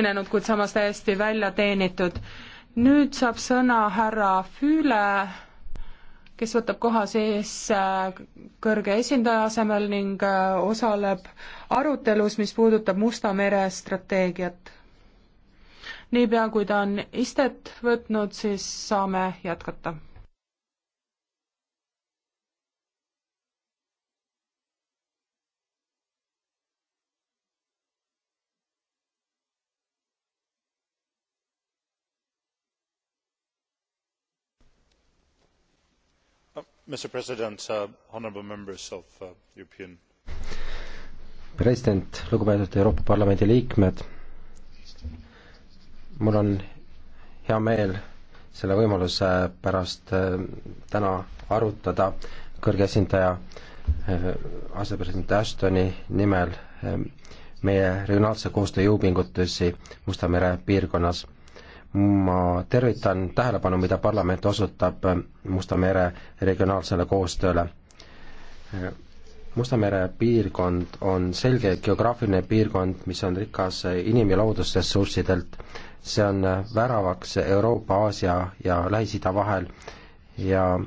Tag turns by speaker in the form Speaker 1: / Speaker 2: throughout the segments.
Speaker 1: tuginenud, kuid samas täiesti välja teenitud. nüüd saab sõna härra Füüle, kes võtab koha siis äh, kõrge esindaja asemel ning äh, osaleb arutelus, mis puudutab Musta mere strateegiat. niipea, kui ta on istet võtnud, siis saame jätkata
Speaker 2: mr president uh, honourable members of the uh, european president lugupeetud euroopa parlamendi liikmed mul on hea meel selle võimaluse pärast äh, täna arutada kõrge esindaja äh, asepresident Ashtoni nimel äh, meie regionaalse koostöö jõupingutusi Musta mere piirkonnas ma tervitan tähelepanu, mida parlament osutab Musta mere regionaalsele koostööle. Musta mere piirkond on selge geograafiline piirkond, mis on rikas inim- ja loodusressurssidelt. see on väravaks Euroopa, Aasia ja Lähis-Ida vahel ja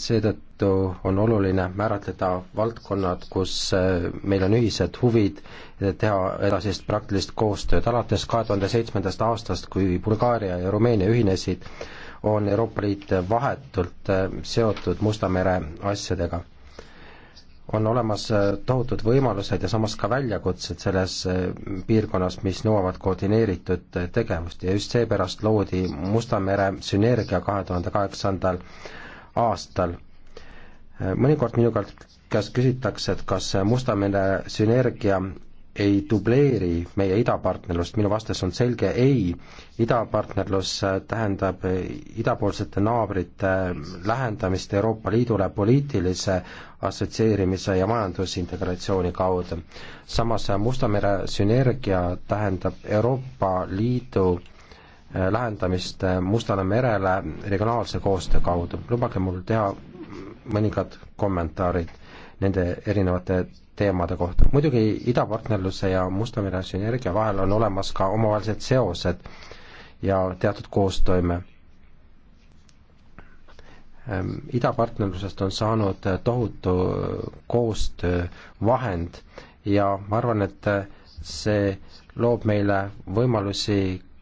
Speaker 2: seetõttu on oluline määratleda valdkonnad, kus äh, meil on ühised huvid teha edasist praktilist koostööd. alates kahe tuhande seitsmendast aastast, kui Bulgaaria ja Rumeenia ühinesid, on Euroopa Liit vahetult äh, seotud Musta mere asjadega. on olemas äh, tohutud võimalused ja samas ka väljakutsed selles piirkonnas, mis nõuavad koordineeritud tegevust ja just seepärast loodi Musta mere sünergia kahe tuhande kaheksandal aastal. mõnikord minu käest küsitakse, et kas Musta mere sünergia ei dubleeri meie idapartnerlust, minu vastus on selge ei. idapartnerlus tähendab idapoolsete naabrite lähendamist Euroopa Liidule poliitilise assotsieerimise ja majandusintegratsiooni kaudu. samas Musta mere sünergia tähendab Euroopa Liidu Äh, lahendamist äh, Mustale merele regionaalse koostöö kaudu. lubage mul teha mõningad kommentaarid nende erinevate teemade kohta. muidugi idapartnerluse ja Musta mere sünergia vahel on olemas ka omavahelised seosed ja teatud koostoime. Ähm, idapartnerlusest on saanud äh, tohutu koostöövahend ja ma arvan, et see loob meile võimalusi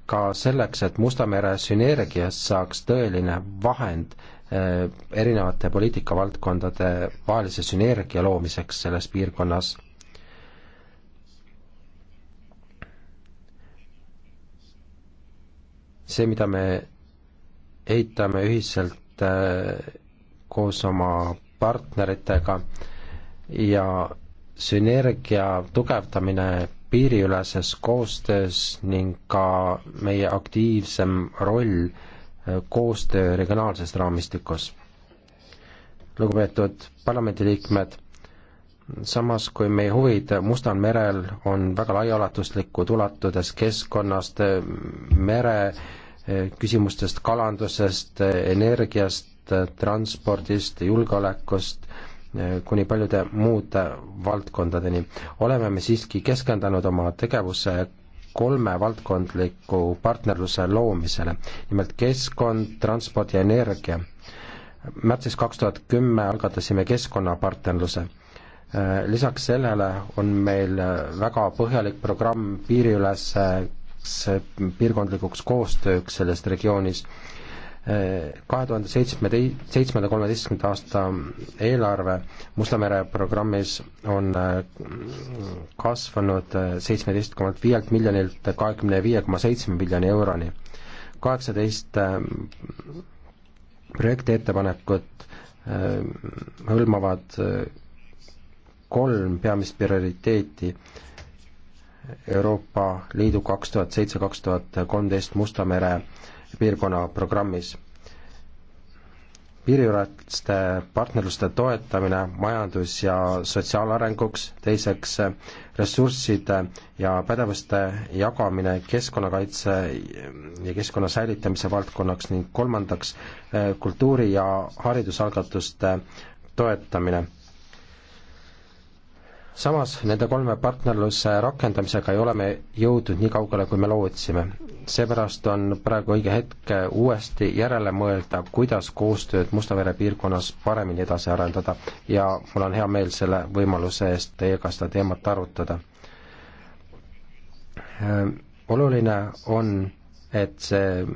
Speaker 2: ka selleks, et Musta mere sünergiast saaks tõeline vahend eh, erinevate poliitikavaldkondade vahelise sünergia loomiseks selles piirkonnas. see, mida me ehitame ühiselt eh, koos oma partneritega ja sünergia tugevdamine piiriüleses koostöös ning ka meie aktiivsem roll äh, koostöö regionaalses raamistikus. lugupeetud parlamendiliikmed, samas kui meie huvid Mustal merel on väga laiaulatuslikud, ulatudes keskkonnast, mere äh, küsimustest, kalandusest, äh, energiast, transpordist, julgeolekust, kuni paljude muude valdkondadeni. oleme me siiski keskendunud oma tegevusse kolme valdkondliku partnerluse loomisele, nimelt keskkond, transport ja energia. märtsis kaks tuhat kümme algatasime keskkonnapartnerluse. lisaks sellele on meil väga põhjalik programm piiriüleseks piirkondlikuks koostööks selles regioonis kahe tuhande seitsmetei-, seitsmenda kolmeteistkümnenda aasta eelarve Musta mere programmis on äh, kasvanud äh, seitsmeteist koma viielt miljonilt kahekümne viie koma seitsme miljoni euroni. kaheksateist äh, projekti ettepanekut hõlmavad kolm peamist prioriteeti Euroopa Liidu kaks tuhat seitse, kaks tuhat kolmteist Musta mere piirkonna programmis. piiriüleste partnerluste toetamine majandus- ja sotsiaalarenguks, teiseks ressursside ja pädevuste jagamine keskkonnakaitse ja keskkonna säilitamise valdkonnaks ning kolmandaks kultuuri- ja haridusalgatuste toetamine samas nende kolme partnerluse rakendamisega ei ole me jõudnud nii kaugele, kui me lootsime. seepärast on praegu õige hetk uuesti järele mõelda, kuidas koostööd Musta mere piirkonnas paremini edasi arendada ja mul on hea meel selle võimaluse eest teiega seda teemat arutada. Äh, oluline on, et see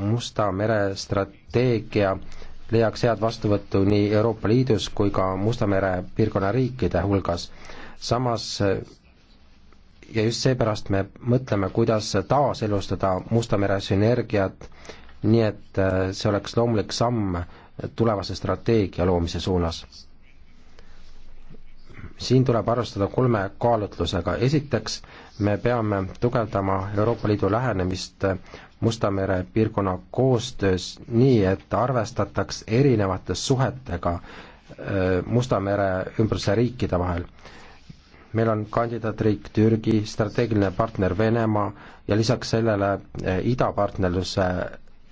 Speaker 2: Musta mere strateegia leiaks head vastuvõttu nii Euroopa Liidus kui ka Musta mere piirkonna riikide hulgas. samas ja just seepärast me mõtleme, kuidas taaselustada Musta mere sünergiat, nii et äh, see oleks loomulik samm tulevase strateegia loomise suunas. siin tuleb arvestada kolme kaalutlusega, esiteks me peame tugevdama Euroopa Liidu lähenemist Musta mere piirkonna koostöös nii, et arvestataks erinevate suhetega äh, Musta mere ümbruse riikide vahel. meil on kandidaatriik Türgi, strateegiline partner Venemaa ja lisaks sellele äh, idapartnerluse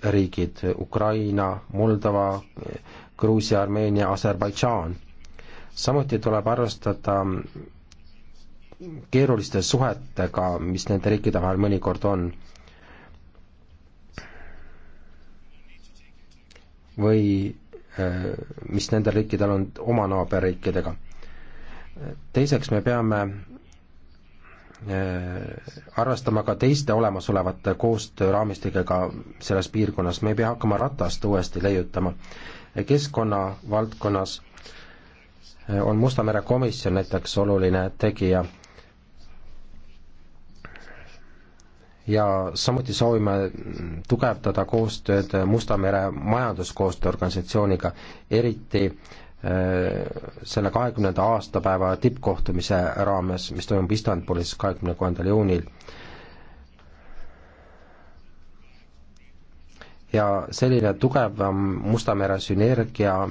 Speaker 2: riigid Ukraina, Moldova, Gruusia, Armeenia, Aserbaidžaan. samuti tuleb arvestada keeruliste suhetega, mis nende riikide vahel mõnikord on. või äh, mis nendel riikidel on oma naaberriikidega. teiseks, me peame äh, arvestama ka teiste olemasolevate koostööraamistikega selles piirkonnas, me ei pea hakkama ratast uuesti leiutama. keskkonna valdkonnas äh, on Musta mere komisjon näiteks oluline tegija ja samuti soovime tugevdada koostööd Musta mere majanduskoostöö organisatsiooniga, eriti äh, selle kahekümnenda aastapäeva tippkohtumise raames, mis toimub Istanbulis kahekümne kuuendal juunil. ja selline tugevam Musta mere sünergia äh,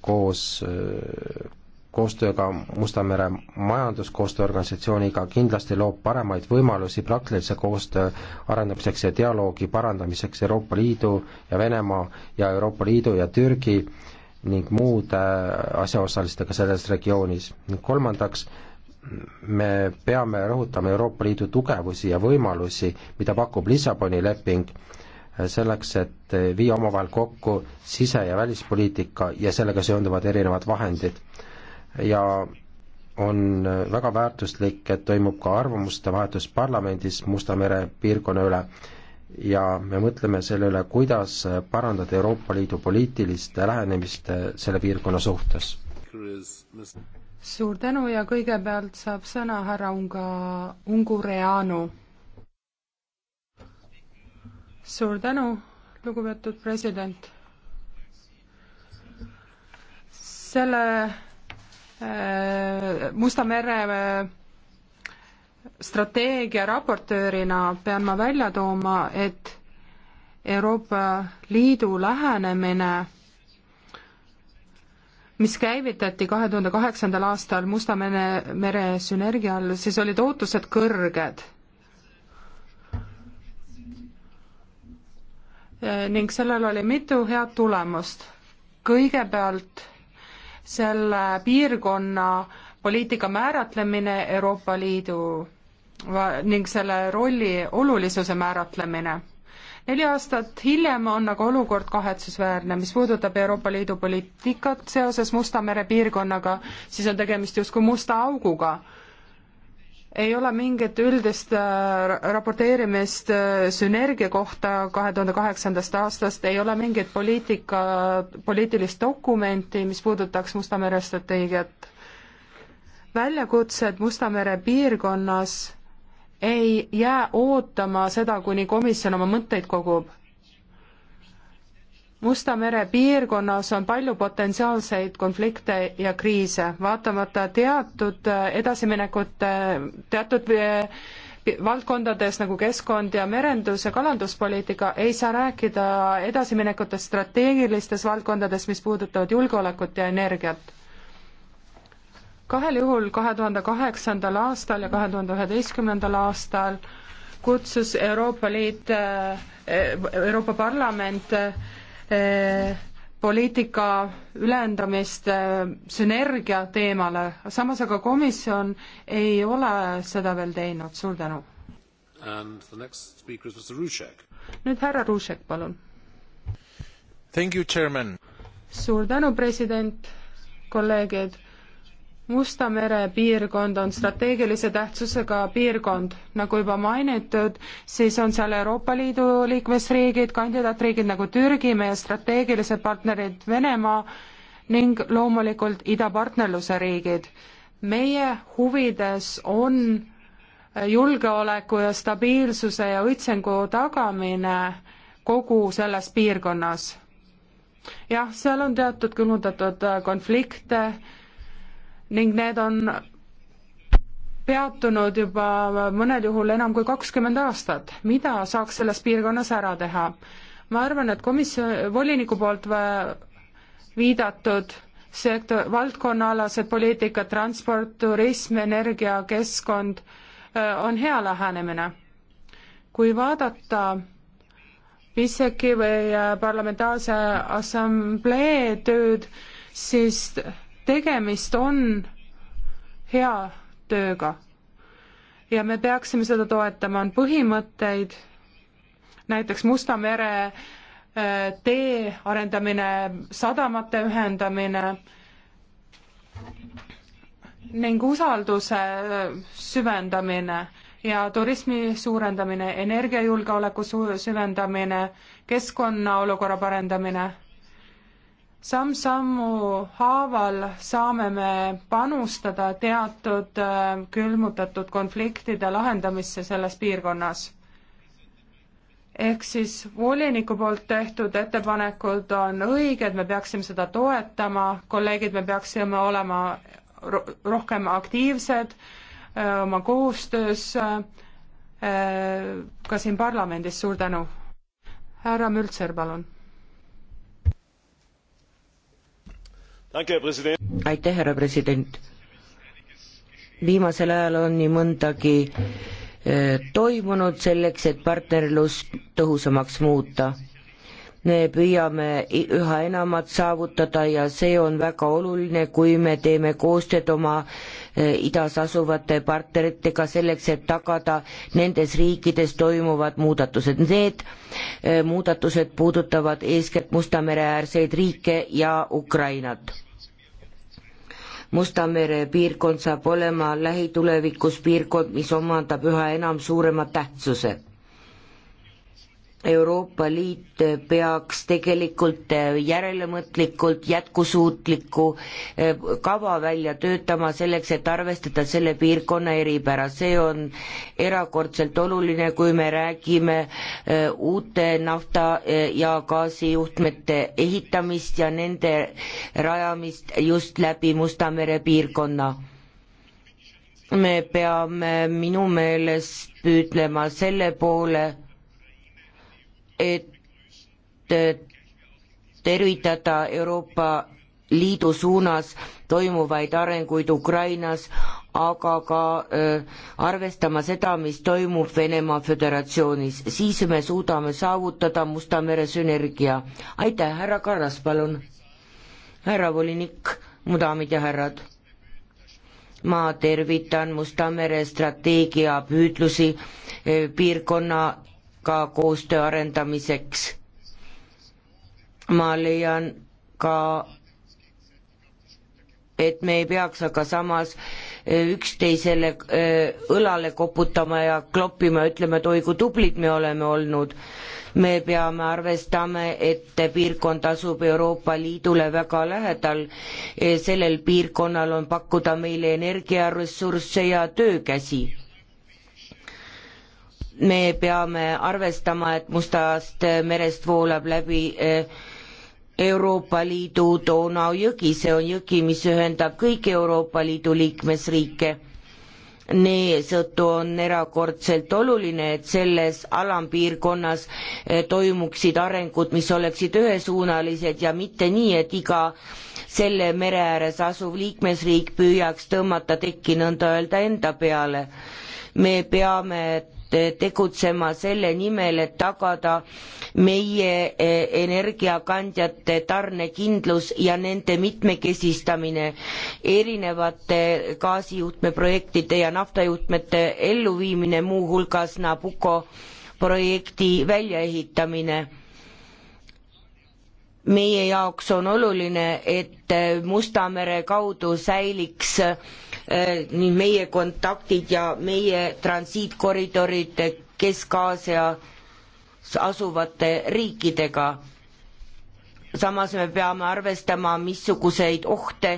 Speaker 2: koos äh, koostööga Musta mere majanduskoostöö organisatsiooniga kindlasti loob paremaid võimalusi praktilise koostöö arendamiseks ja dialoogi parandamiseks Euroopa Liidu ja Venemaa ja Euroopa Liidu ja Türgi ning muude äh, asjaosalistega selles regioonis. kolmandaks, me peame rõhutama Euroopa Liidu tugevusi ja võimalusi, mida pakub Lissaboni leping, äh, selleks, et äh, viia omavahel kokku sise- ja välispoliitika ja sellega seonduvad erinevad vahendid ja on väga väärtuslik, et toimub ka arvamuste vahetus parlamendis Musta mere piirkonna üle. ja me mõtleme selle üle, kuidas parandada Euroopa Liidu poliitilist lähenemist selle piirkonna suhtes.
Speaker 1: suur tänu ja kõigepealt saab sõna härra Unga, Ungureanu. suur tänu, lugupeetud president. selle Äh, Musta mere äh, strateegia raportöörina pean ma välja tooma, et Euroopa Liidu lähenemine, mis käivitati kahe tuhande kaheksandal aastal Musta mere, mere sünergia all, siis olid ootused kõrged. Äh, ning sellel oli mitu head tulemust. kõigepealt selle piirkonna poliitika määratlemine Euroopa Liidu ning selle rolli olulisuse määratlemine. neli aastat hiljem on aga olukord kahetsusväärne, mis puudutab Euroopa Liidu poliitikat seoses Musta mere piirkonnaga, siis on tegemist justkui musta auguga ei ole mingit üldist äh, raporteerimist äh, sünergia kohta kahe tuhande kaheksandast aastast, ei ole mingit poliitika, poliitilist dokumenti, mis puudutaks Musta mere strateegiat. väljakutsed Musta mere piirkonnas ei jää ootama seda, kuni komisjon oma mõtteid kogub Musta mere piirkonnas on palju potentsiaalseid konflikte ja kriise, vaatamata teatud äh, edasiminekute, teatud äh, valdkondades nagu keskkond ja merendus ja kalanduspoliitika ei saa rääkida edasiminekutest strateegilistes valdkondades, mis puudutavad julgeolekut ja energiat. kahel juhul, kahe tuhande kaheksandal aastal ja kahe tuhande üheteistkümnendal aastal kutsus Euroopa Liit, äh, Euroopa Parlament Äh, poliitika ülendamist äh, sünergia teemale, samas aga komisjon ei ole seda veel teinud, suur tänu. nüüd härra Rušek, palun. suur tänu, president, kolleegid Musta mere piirkond on strateegilise tähtsusega piirkond. nagu juba mainitud, siis on seal Euroopa Liidu liikmesriigid, kandidaatriigid nagu Türgi, meie strateegilised partnerid Venemaa ning loomulikult idapartnerluse riigid. meie huvides on julgeoleku ja stabiilsuse ja õitsengu tagamine kogu selles piirkonnas. jah, seal on teatud külmutatud konflikte, ning need on peatunud juba mõnel juhul enam kui kakskümmend aastat. mida saaks selles piirkonnas ära teha? ma arvan, et komisjon, voliniku poolt viidatud sektor, valdkonnaalased poliitikad, transport, turism, energia, keskkond on hea lähenemine. kui vaadata PISEC-i või äh, Parlamentaarse Assamblee tööd, siis tegemist on hea tööga ja me peaksime seda toetama, on põhimõtteid, näiteks Musta mere äh, tee arendamine, sadamate ühendamine ning usalduse äh, süvendamine ja turismi suurendamine, energiajulgeoleku süvendamine, keskkonna olukorra parendamine samm-sammu haaval saame me panustada teatud äh, külmutatud konfliktide lahendamisse selles piirkonnas. ehk siis voliniku poolt tehtud ettepanekud on õiged, me peaksime seda toetama, kolleegid, me peaksime olema rohkem aktiivsed äh, oma koostöös äh, ka siin parlamendis, suur tänu. härra Mültser, palun
Speaker 3: aitäh, härra president! viimasel ajal on nii mõndagi eh, toimunud selleks, et partnerlust tõhusamaks muuta me püüame üha enamat saavutada ja see on väga oluline, kui me teeme koostööd oma e, idas asuvate partneritega selleks, et tagada nendes riikides toimuvad muudatused. Need e, muudatused puudutavad eeskätt Musta mere äärseid riike ja Ukrainat. Musta mere piirkond saab olema lähitulevikus piirkond, mis omandab üha enam suurema tähtsuse Euroopa Liit peaks tegelikult järelemõtlikult jätkusuutliku eh, kava välja töötama selleks, et arvestada selle piirkonna eripära. see on erakordselt oluline, kui me räägime eh, uute nafta eh, ja gaasijuhtmete ehitamist ja nende rajamist just läbi Musta mere piirkonna me peame minu meelest püüdlema selle poole, et tervitada Euroopa Liidu suunas toimuvaid arenguid Ukrainas, aga ka öö, äh, arvestama seda, mis toimub Venemaa Föderatsioonis, siis me suudame saavutada Musta mere sünergia. aitäh, härra Kallas, palun. härra volinik, mu daamid ja härrad. ma tervitan Musta mere strateegia püüdlusi öö, äh, piirkonna ka koostöö arendamiseks. ma leian ka, et me ei peaks aga samas e, üksteisele e, õlale koputama ja kloppima, ütlema, et oi kui tublid me oleme olnud. me peame arvestama, et piirkond asub Euroopa Liidule väga lähedal. sellel piirkonnal on pakkuda meile energiaressursse ja töökäsi me peame arvestama, et Mustast merest voolab läbi eh, Euroopa Liidu Donau jõgi, see on jõgi, mis ühendab kõiki Euroopa Liidu liikmesriike. nii seetõttu on erakordselt oluline, et selles alampiirkonnas eh, toimuksid arengud, mis oleksid ühesuunalised ja mitte nii, et iga selle mere ääres asuv liikmesriik püüaks tõmmata tekki nõnda öelda enda peale. me peame tegutsema selle nimel, et tagada meie eh, energiakandjate tarnekindlus ja nende mitmekesistamine erinevate gaasijuhtmeprojektide ja naftajuhtmete elluviimine, muuhulgas Nabucco projekti väljaehitamine meie jaoks on oluline, et Musta mere kaudu säiliks Äh, nii meie kontaktid ja meie transiitkoridorid Kesk-Aasias asuvate riikidega. samas me peame arvestama, missuguseid ohte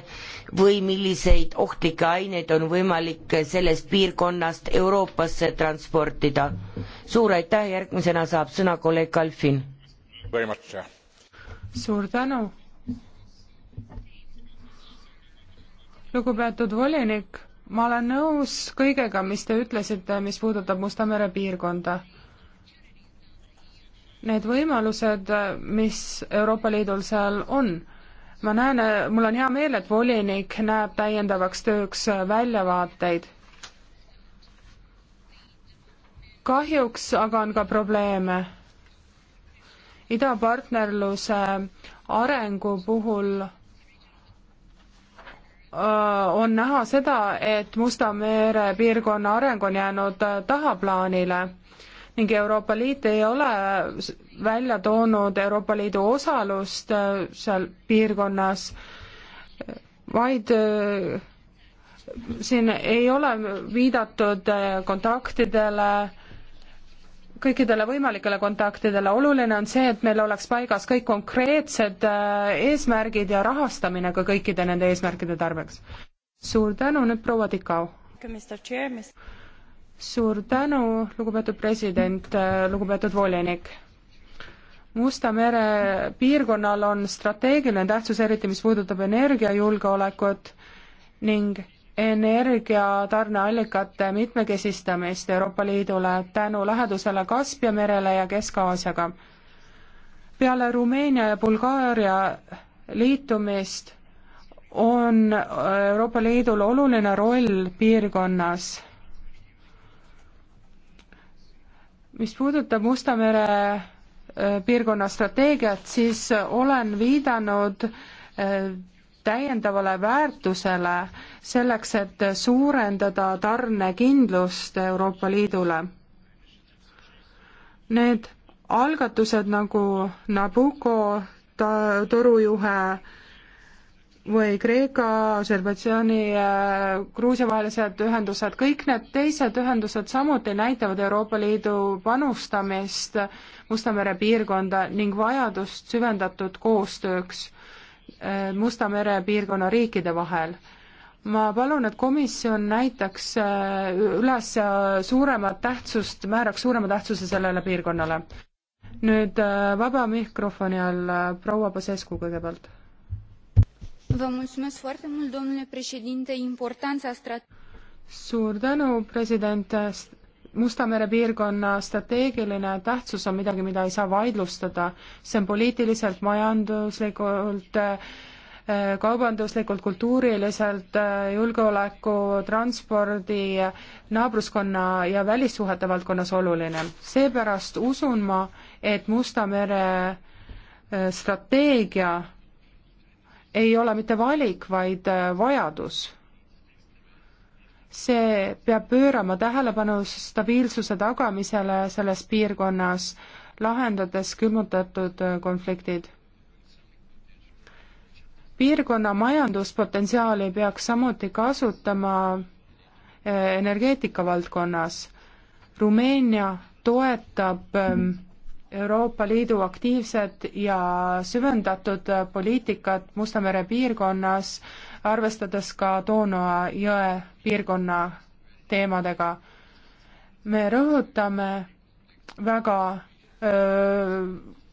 Speaker 3: või milliseid ohtlikke aineid on võimalik sellest piirkonnast Euroopasse transportida. suur aitäh, järgmisena saab sõna kolleeg Kalfin.
Speaker 1: suur tänu lugupeetud volinik, ma olen nõus kõigega, mis te ütlesite, mis puudutab Musta mere piirkonda. Need võimalused, mis Euroopa Liidul seal on, ma näen, mul on hea meel, et volinik näeb täiendavaks tööks väljavaateid kahjuks aga on ka probleeme. idapartnerluse arengu puhul Äh, on näha seda, et Musta mere piirkonna areng on jäänud äh, tahaplaanile ning Euroopa Liit ei ole välja toonud Euroopa Liidu osalust äh, seal piirkonnas, vaid siin ei ole viidatud kontaktidele kõikidele võimalikele kontaktidele, oluline on see, et meil oleks paigas kõik konkreetsed äh, eesmärgid ja rahastamine ka kõikide nende eesmärkide tarbeks. suur tänu, nüüd proua Tikau. suur tänu, lugupeetud president, äh, lugupeetud volinik. Musta mere piirkonnal on strateegiline tähtsus, eriti mis puudutab energiajulgeolekut ning energiatarneallikate mitmekesistamist Euroopa Liidule tänu lähedusele Kaspia merele ja Kesk-Aasiaga. peale Rumeenia ja Bulgaaria liitumist on Euroopa Liidul oluline roll piirkonnas. mis puudutab Musta mere äh, piirkonna strateegiat, siis olen viidanud äh, täiendavale väärtusele selleks, et suurendada tarnekindlust Euroopa Liidule. Need algatused nagu Nabucco ta-, torujuhe või Kreeka, Aserbaidžaani, äh, Gruusia vahelised ühendused, kõik need teised ühendused samuti näitavad Euroopa Liidu panustamist Musta mere piirkonda ning vajadust süvendatud koostööks Äh, Musta mere piirkonna riikide vahel. ma palun, et komisjon näitaks äh, üles suuremat tähtsust, määraks suurema tähtsuse sellele piirkonnale. nüüd äh, vaba mikrofoni all proua Pasescu kõigepealt. suur tänu, president Musta mere piirkonna strateegiline tähtsus on midagi, mida ei saa vaidlustada, see on poliitiliselt, majanduslikult, äh, kaubanduslikult, kultuuriliselt, äh, julgeoleku, transpordi, naabruskonna ja välissuhete valdkonnas oluline. seepärast usun ma, et Musta mere äh, strateegia ei ole mitte valik, vaid vajadus see peab pöörama tähelepanu stabiilsuse tagamisele selles piirkonnas, lahendades külmutatud äh, konfliktid. piirkonna majanduspotentsiaali peaks samuti kasutama äh, energeetika valdkonnas. Rumeenia toetab ähm, Euroopa Liidu aktiivset ja süvendatud äh, poliitikat Musta mere piirkonnas äh, arvestades ka Doonoa jõe piirkonna teemadega. me rõhutame väga öö,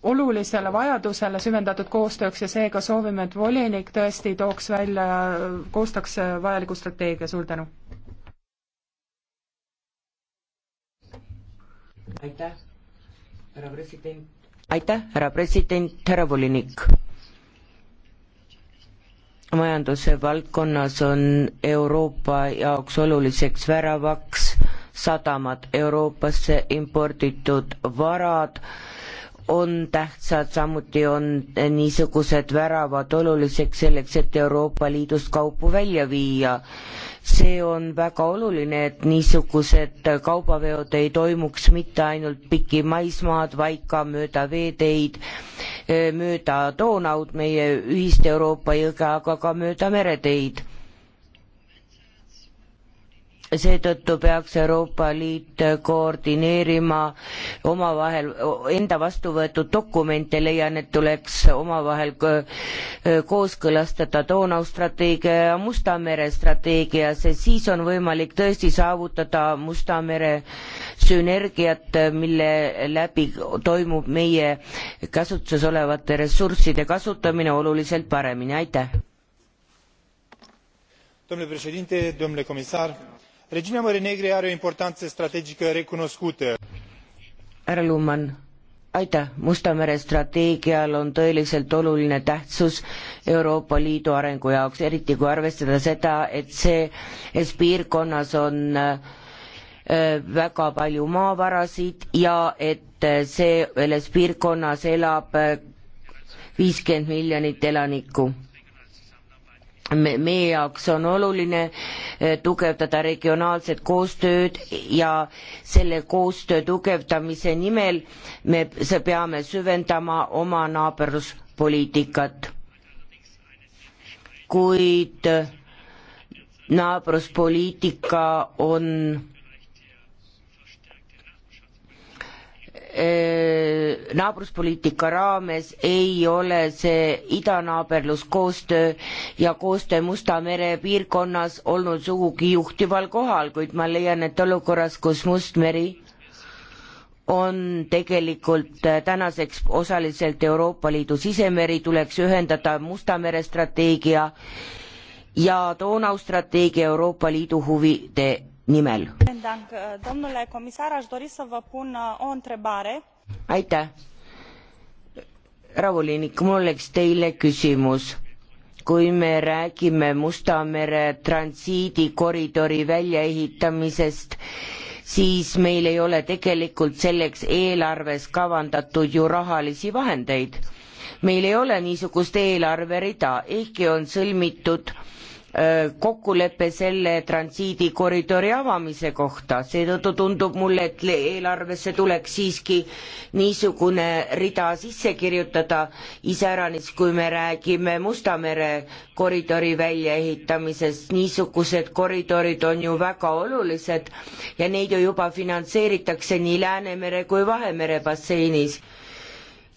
Speaker 1: olulisele vajadusele süvendatud koostööks ja seega soovime, et volinik tõesti tooks välja, koostaks vajaliku strateegia, suur tänu.
Speaker 3: aitäh, härra president.
Speaker 1: aitäh, härra president,
Speaker 3: härra volinik majanduse valdkonnas on Euroopa jaoks oluliseks väravaks sadamad, Euroopasse imporditud varad on tähtsad, samuti on niisugused väravad oluliseks selleks, et Euroopa Liidust kaupu välja viia. see on väga oluline, et niisugused kaubaveod ei toimuks mitte ainult pikki maismaad, vaid ka mööda veeteid mööda Donaud, meie ühist Euroopa jõge, aga ka mööda mereteid seetõttu peaks Euroopa Liit koordineerima omavahel, enda vastu võetud dokumente, leian, et tuleks omavahel kooskõlastada Donau strateegia ja Musta mere strateegia, sest siis on võimalik tõesti saavutada Musta mere sünergiat, mille läbi toimub meie käsutuses olevate ressursside kasutamine oluliselt paremini, aitäh!
Speaker 2: domnule președinte domnule comisar regiunea mării negre are o importană strategică recunoscută
Speaker 3: härra Luman, aitäh, Musta mere strateegial on tõeliselt oluline tähtsus Euroopa Liidu arengu jaoks, eriti kui arvestada seda, et selles piirkonnas on äh, väga palju maavarasid ja et äh, see, selles piirkonnas elab äh, viiskümmend miljonit elanikku me, meie jaoks on oluline eh, tugevdada regionaalset koostööd ja selle koostöö tugevdamise nimel me peame süvendama oma naabruspoliitikat. kuid eh, naabruspoliitika on naabruspoliitika raames ei ole see idanaaberluskoostöö ja koostöö Musta mere piirkonnas olnud sugugi juhtival kohal, kuid ma leian, et olukorras, kus Mustmeri on tegelikult äh, tänaseks osaliselt Euroopa Liidu sisemeri, tuleks ühendada Musta mere strateegia ja Donau strateegia Euroopa Liidu huvide nimel.
Speaker 1: Uh,
Speaker 3: aitäh. rahulinik, mul oleks teile küsimus. kui me räägime Musta mere transiidikoridori väljaehitamisest, siis meil ei ole tegelikult selleks eelarves kavandatud ju rahalisi vahendeid. meil ei ole niisugust eelarverida, ehkki on sõlmitud äh, kokkulepe selle transiidikoridori avamise kohta, seetõttu tundub mulle, et eelarvesse tuleks siiski niisugune rida sisse kirjutada, iseäranis kui me räägime Musta mere koridori väljaehitamisest, niisugused koridorid on ju väga olulised ja neid ju juba finantseeritakse nii Läänemere kui Vahemere basseinis.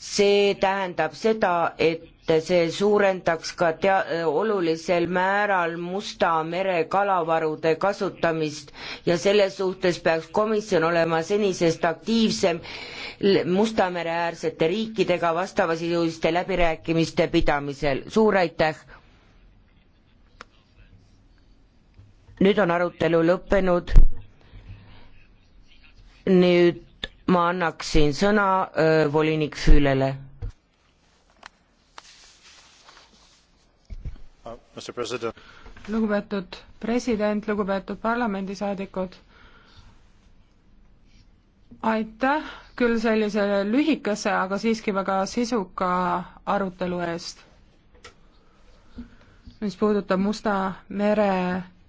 Speaker 3: see tähendab seda, et et see suurendaks ka tea-, olulisel määral Musta mere kalavarude kasutamist ja selles suhtes peaks komisjon olema senisest aktiivsem Musta mere äärsete riikidega vastavasisuliste läbirääkimiste pidamisel, suur aitäh! nüüd on arutelu lõppenud, nüüd ma annaksin sõna öö, äh, volinik Füülele
Speaker 1: lugupeetud president, lugupeetud parlamendisaadikud, aitäh küll sellise lühikese, aga siiski väga sisuka arutelu eest, mis puudutab Musta mere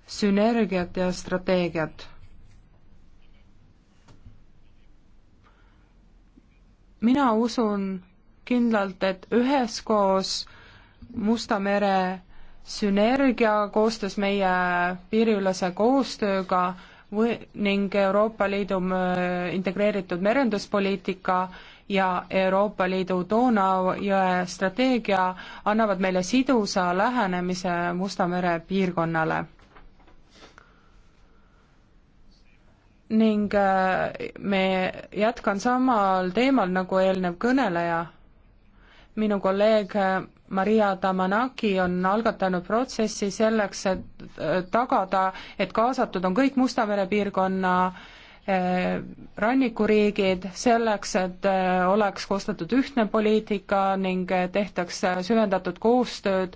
Speaker 1: sünergiat ja strateegiat mina usun kindlalt, et üheskoos Musta mere sünergia koostöös meie piiriülese koostööga või, ning Euroopa Liidu äh, integreeritud merenduspoliitika ja Euroopa Liidu Doonajõe strateegia annavad meile sidusa lähenemise Musta mere piirkonnale. ning äh, me jätkan samal teemal nagu eelnev kõneleja. minu kolleeg äh, Maria Damanaki on algatanud protsessi selleks, et äh, tagada, et kaasatud on kõik Musta mere piirkonna äh, rannikuriigid selleks, et äh, oleks koostatud ühtne poliitika ning tehtaks süvendatud koostööd,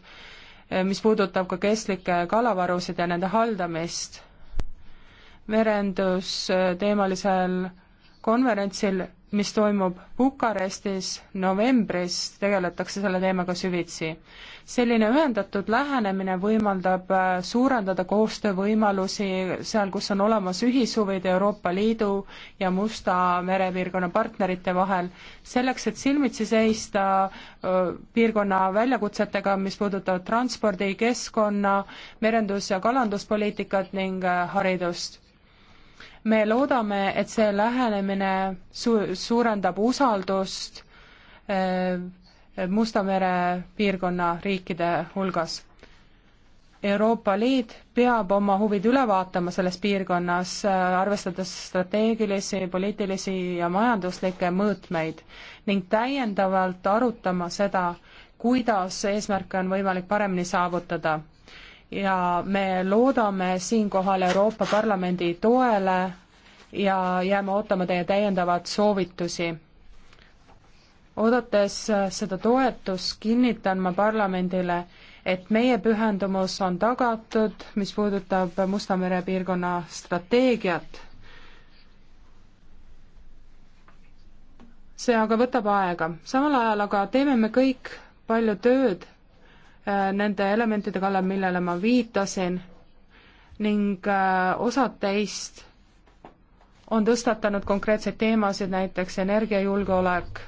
Speaker 1: mis puudutab ka kestlikke kalavarusid ja nende haldamist. merendusteemalisel konverentsil mis toimub Bukarestis novembris, tegeletakse selle teemaga süvitsi. selline ühendatud lähenemine võimaldab äh, suurendada koostöövõimalusi seal, kus on olemas ühishuvid Euroopa Liidu ja Musta mere piirkonna partnerite vahel, selleks, et silmitsi seista äh, piirkonna väljakutsetega, mis puudutavad transpordi, keskkonna, merendus- ja kalanduspoliitikat ning äh, haridust me loodame, et see lähenemine su-, suurendab usaldust eh, Musta mere piirkonna riikide hulgas. Euroopa Liit peab oma huvid üle vaatama selles piirkonnas, eh, arvestades strateegilisi, poliitilisi ja majanduslikke mõõtmeid ning täiendavalt arutama seda, kuidas eesmärke on võimalik paremini saavutada ja me loodame siinkohal Euroopa Parlamendi toele ja jääme ootama teie täiendavaid soovitusi. oodates äh, seda toetust, kinnitan ma parlamendile, et meie pühendumus on tagatud, mis puudutab Musta mere piirkonna strateegiat. see aga võtab aega, samal ajal aga teeme me kõik palju tööd Äh, nende elementide kallal, millele ma viitasin ning äh, osad teist on tõstatanud konkreetseid teemasid, näiteks energiajulgeolek,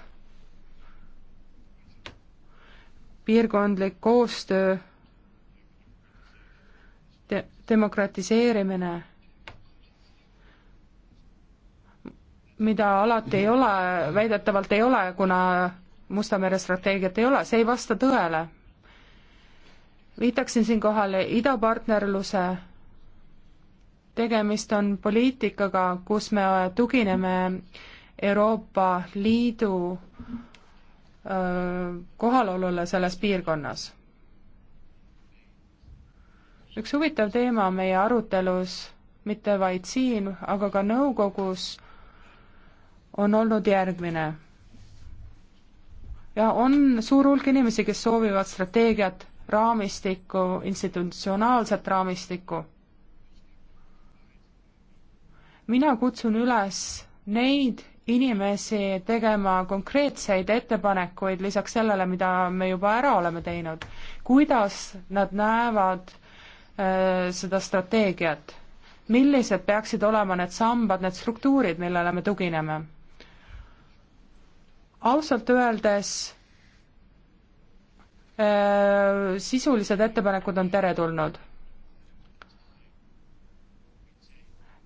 Speaker 1: piirkondlik koostöö de, demokratiseerimine, mida alati ei ole, väidetavalt ei ole, kuna Musta mere strateegiat ei ole, see ei vasta tõele viitaksin siinkohal idapartnerluse tegemist on poliitikaga, kus me tugineme Euroopa Liidu kohalolule selles piirkonnas. üks huvitav teema meie arutelus, mitte vaid siin, aga ka nõukogus, on olnud järgmine. ja on suur hulk inimesi, kes soovivad strateegiat raamistikku, institutsionaalset raamistikku. mina kutsun üles neid inimesi tegema konkreetseid ettepanekuid lisaks sellele, mida me juba ära oleme teinud. kuidas nad näevad äh, seda strateegiat? millised peaksid olema need sambad, need struktuurid, millele me tugineme? ausalt öeldes Äh, sisulised ettepanekud on teretulnud.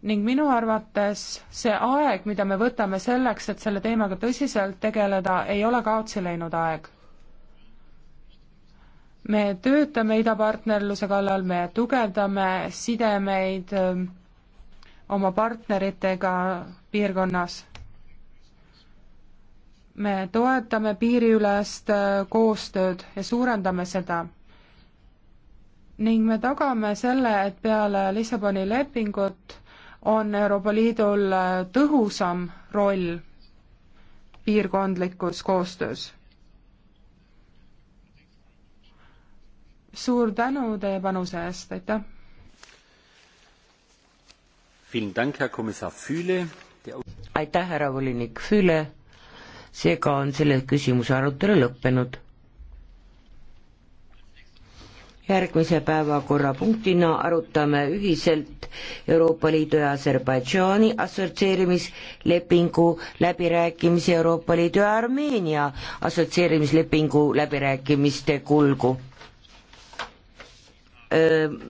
Speaker 1: ning minu arvates see aeg, mida me võtame selleks, et selle teemaga tõsiselt tegeleda, ei ole kaotsi läinud aeg. me töötame idapartnerluse kallal, me tugevdame sidemeid ähm, oma partneritega piirkonnas me toetame piiriülest äh, koostööd ja suurendame seda. ning me tagame selle, et peale Lissaboni lepingut on Euroopa Liidul äh, tõhusam roll piirkondlikus koostöös. suur tänu teie panuse eest, aitäh!
Speaker 3: aitäh, härra volinik Füüle! seega on selle küsimuse arutelu lõppenud. järgmise päevakorrapunktina arutame ühiselt Euroopa Liidu ja Aserbaidžaani assotsieerimislepingu läbirääkimisi Euroopa Liidu ja Armeenia assotsieerimislepingu läbirääkimiste kulgu öö,